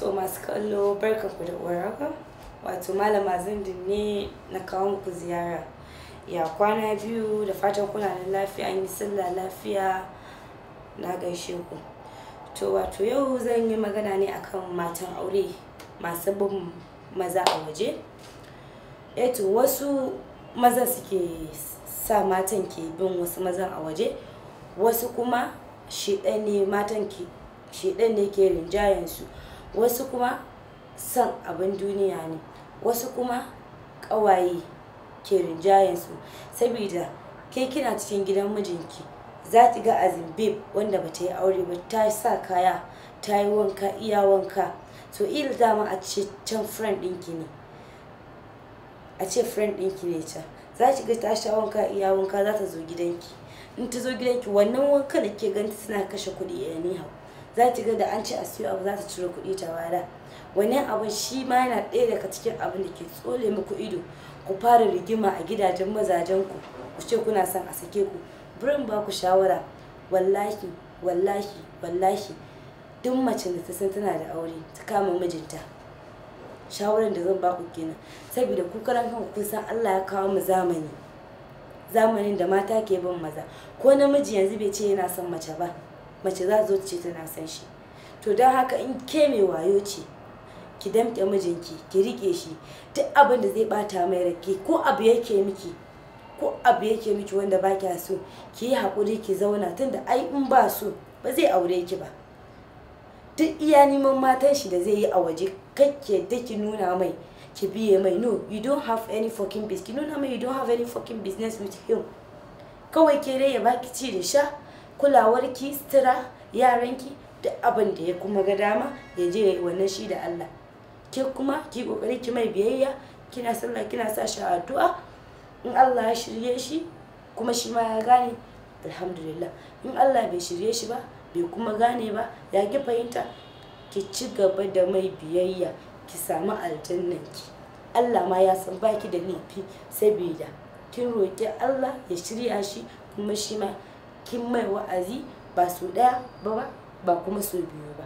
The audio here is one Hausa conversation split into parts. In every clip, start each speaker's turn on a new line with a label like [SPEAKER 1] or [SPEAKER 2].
[SPEAKER 1] so masu kallo ku da warhaka wato malama zindin ne na kawo muku ziyara ya kwana biyu da fatan kuna da lafiya an yi sallah lafiya na gaishe ku to wato yau zan yi magana ne akan matan aure masu bin maza a waje eto eh wasu maza suke sa matan ke bin wasu mazan a waje wasu kuma shiɗan ne matan ke ne ke rinjayen su wasu kuma son abin duniya ne wasu kuma ƙawaye ke rinjayensu saboda kai kina cikin gidan mijinki za ki ga azin babe wanda ba ta yi aure ba ta sa kaya ta yi wanka iya wanka so il dama a ce can friend ɗinki ne a ce friend ɗinki ne can za ki ga ta sha wanka iya wanka za ta zo gidanki in ta zo gidanki wannan wanka da ke ganta suna kashe kuɗi eh, anyhow za ta ga da an ce a siyo abu za ta ciro kuɗi ta wada wani abu shi ma yana ɗaya daga cikin abin da ke tsole muku ido ku fara rigima a gidajen mazajen ku ku ce kuna son a sake ku burin ba ku shawara wallahi wallahi wallahi duk mace da ta san tana da aure ta kama mijinta shawaran da zan baku kenan saboda ku karan kanku kun san Allah ya kawo mu zamani zamanin da mata ke bin maza ko namiji yanzu bai ce yana son mace ba mace za zo ce tana san shi to don haka in ke mai wayo ce ki damke mijinki ki rike shi duk abin da zai bata mai rake ko abu yake miki ko abu yake miki wanda ba kya so ki yi haƙuri ki zauna tunda ai in ba so ba zai aure ki ba duk iya neman matan shi da zai yi a waje kake da ki nuna mai ki biye mai no you don't have any fucking business ki nuna mai you don't have any fucking business with him kawai ke ya baki ci da sha kulawarki sutura yaranki duk abin da ya kuma ga dama ya je wannan shi da Allah ke kuma ki kokari ki mai biyayya kina sallah kina sa shi addu'a in Allah ya shirye shi kuma shi ma ya gane alhamdulillah in Allah bai shirye shi ba bai kuma gane ba ya ki fahimta ki ci gaba da mai biyayya ki samu aljannanki Allah ma ya san baki da laifi sabida kin roki Allah ya shirya shi kuma shi ma kin mai wa'azi ba su ɗaya ba ba ba kuma su biyu ba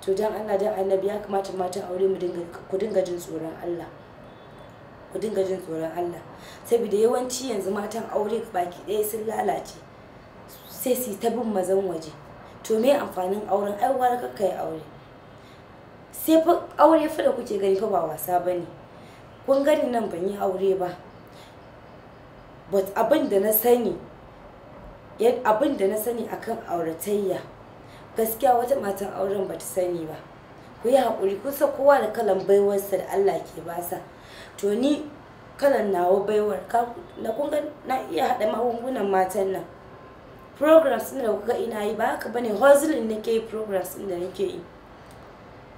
[SPEAKER 1] to dan Allah dan annabi ya kamata mata aure mu dinga ku dinga jin tsoron Allah ku dinga jin tsoron Allah saboda yawanci yanzu matan aure baki ɗaya sun lalace sai su ta bin mazan waje to me amfanin auren ai war kakkai aure sai fa aure fa da kuke gani fa ba wasa bane kun gani nan ban yi aure ba but abin da na sani abin da na sani akan auratayya gaskiya wata matan auren bata sani ba ku yi haƙuri kusa kowa da kalan baiwarsa da Allah ke ba sa to ni kalan nawa baiwar na kun na iya haɗa magungunan matan nan programs ɗin da kuka ina yi ba haka bane hustling nake yi programs din da nake yi